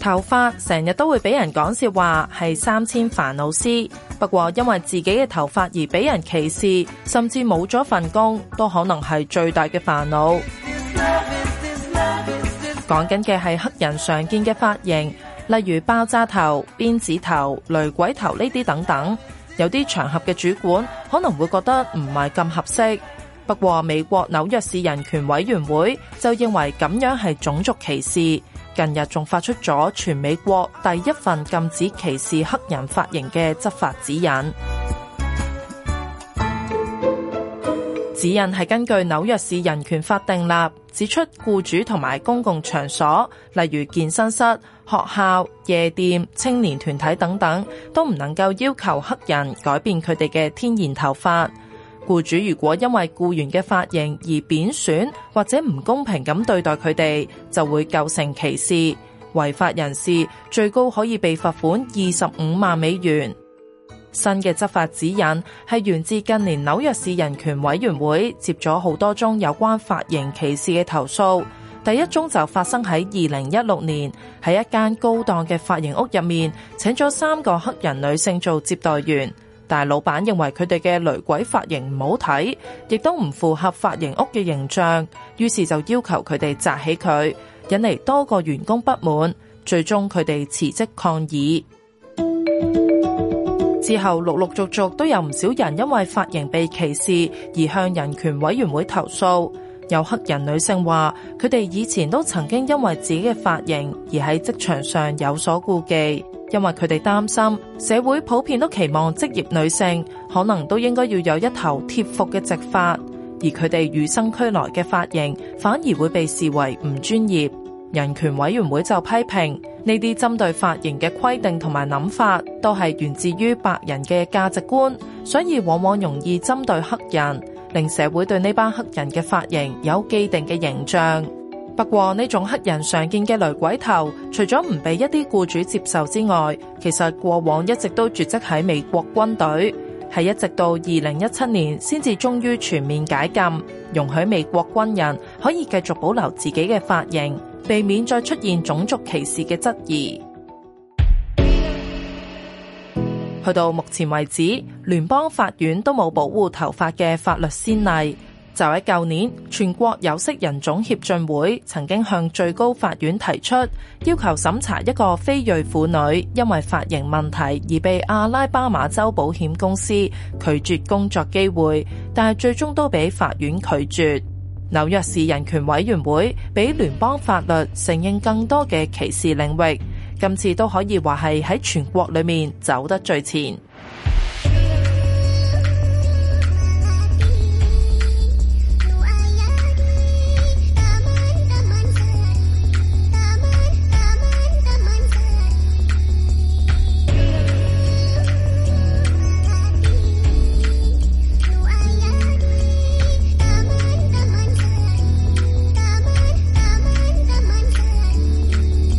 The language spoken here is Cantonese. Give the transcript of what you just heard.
頭髮成日都會俾人講笑話，係三千煩惱絲。不過因為自己嘅頭髮而俾人歧視，甚至冇咗份工，都可能係最大嘅煩惱。講緊嘅係黑人常見嘅髮型，例如爆炸頭、辮子頭、雷鬼頭呢啲等等。有啲場合嘅主管可能會覺得唔係咁合適。不過美國紐約市人權委員會就認為咁樣係種族歧視。近日仲發出咗全美國第一份禁止歧視黑人髮型嘅執法指引。指引係根據紐約市人權法定立，指出僱主同埋公共場所，例如健身室、學校、夜店、青年團體等等，都唔能夠要求黑人改變佢哋嘅天然頭髮。僱主如果因為僱員嘅髮型而貶損或者唔公平咁對待佢哋，就會構成歧視。違法人士最高可以被罰款二十五萬美元。新嘅執法指引係源自近年紐約市人權委員會接咗好多宗有關髮型歧視嘅投訴。第一宗就發生喺二零一六年，喺一間高檔嘅髮型屋入面，請咗三個黑人女性做接待員。但老闆認為佢哋嘅雷鬼髮型唔好睇，亦都唔符合髮型屋嘅形象，於是就要求佢哋紮起佢，引嚟多個員工不滿，最終佢哋辭職抗議。之後陸陸續續都有唔少人因為髮型被歧視而向人權委員會投訴。有黑人女性話，佢哋以前都曾經因為自己嘅髮型而喺職場上有所顧忌。因為佢哋擔心社會普遍都期望職業女性可能都應該要有一頭貼服嘅直髮，而佢哋與生俱來嘅髮型反而會被視為唔專業。人權委員會就批評呢啲針對髮型嘅規定同埋諗法，都係源自於白人嘅價值觀，所以往往容易針對黑人，令社會對呢班黑人嘅髮型有既定嘅形象。不過呢種黑人常見嘅雷鬼頭，除咗唔畀一啲僱主接受之外，其實過往一直都絕迹喺美國軍隊，係一直到二零一七年先至終於全面解禁，容許美國軍人可以繼續保留自己嘅髮型，避免再出現種族歧視嘅質疑。去到目前為止，聯邦法院都冇保護頭髮嘅法律先例。就喺舊年，全國有色人種協進會曾經向最高法院提出要求審查一個非裔婦女因為髮型問題而被阿拉巴馬州保險公司拒絕工作機會，但係最終都俾法院拒絕。紐約市人權委員會比聯邦法律承認更多嘅歧視領域，今次都可以話係喺全國裏面走得最前。